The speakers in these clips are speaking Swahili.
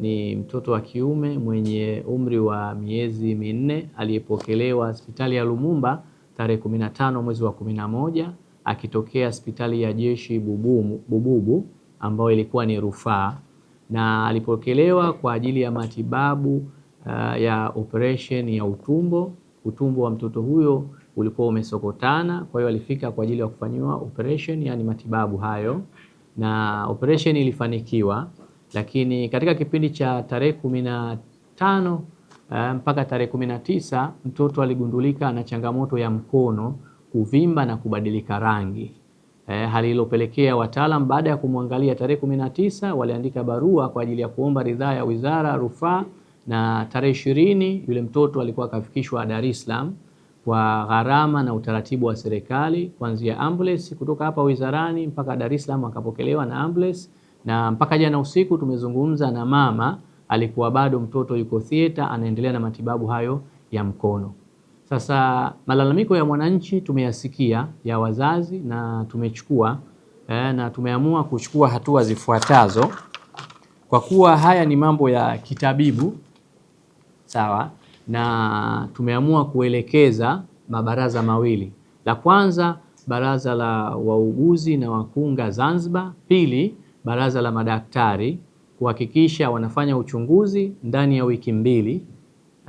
Ni mtoto wa kiume mwenye umri wa miezi minne aliyepokelewa hospitali ya Lumumba tarehe 15 mwezi wa 11 akitokea hospitali ya jeshi Bububu, Bububu ambayo ilikuwa ni rufaa na alipokelewa kwa ajili ya matibabu uh, ya operation ya utumbo. Utumbo wa mtoto huyo ulikuwa umesokotana, kwa hiyo alifika kwa ajili ya kufanyiwa operation, yani matibabu hayo, na operation ilifanikiwa, lakini katika kipindi cha tarehe kumi na tano uh, mpaka tarehe kumi na tisa mtoto aligundulika na changamoto ya mkono kuvimba na kubadilika rangi eh, iliyopelekea wataalam baada ya kumwangalia tarehe 19 waliandika barua kwa ajili ya kuomba ridhaa ya wizara rufaa, na tarehe ishirini yule mtoto alikuwa akafikishwa Dar es Salaam kwa gharama na utaratibu wa serikali kuanzia ambulance kutoka hapa wizarani mpaka Dar es Salaam, akapokelewa na ambulance, na mpaka jana usiku tumezungumza na mama, alikuwa bado mtoto yuko theater anaendelea na matibabu hayo ya mkono. Sasa malalamiko ya mwananchi tumeyasikia ya wazazi na tumechukua eh, na tumeamua kuchukua hatua zifuatazo kwa kuwa haya ni mambo ya kitabibu sawa, na tumeamua kuelekeza mabaraza mawili, la kwanza baraza la wauguzi na wakunga Zanzibar, pili baraza la madaktari kuhakikisha wanafanya uchunguzi ndani ya wiki mbili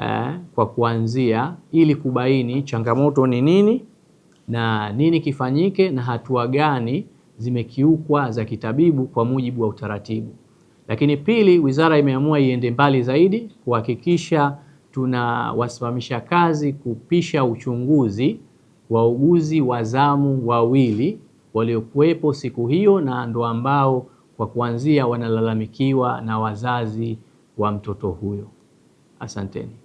eh, kwa kuanzia ili kubaini changamoto ni nini na nini kifanyike na hatua gani zimekiukwa za kitabibu kwa mujibu wa utaratibu. Lakini pili, wizara imeamua iende mbali zaidi kuhakikisha tuna wasimamisha kazi kupisha uchunguzi wauguzi zamu wawili waliokuwepo siku hiyo, na ndo ambao kwa kuanzia wanalalamikiwa na wazazi wa mtoto huyo. Asanteni.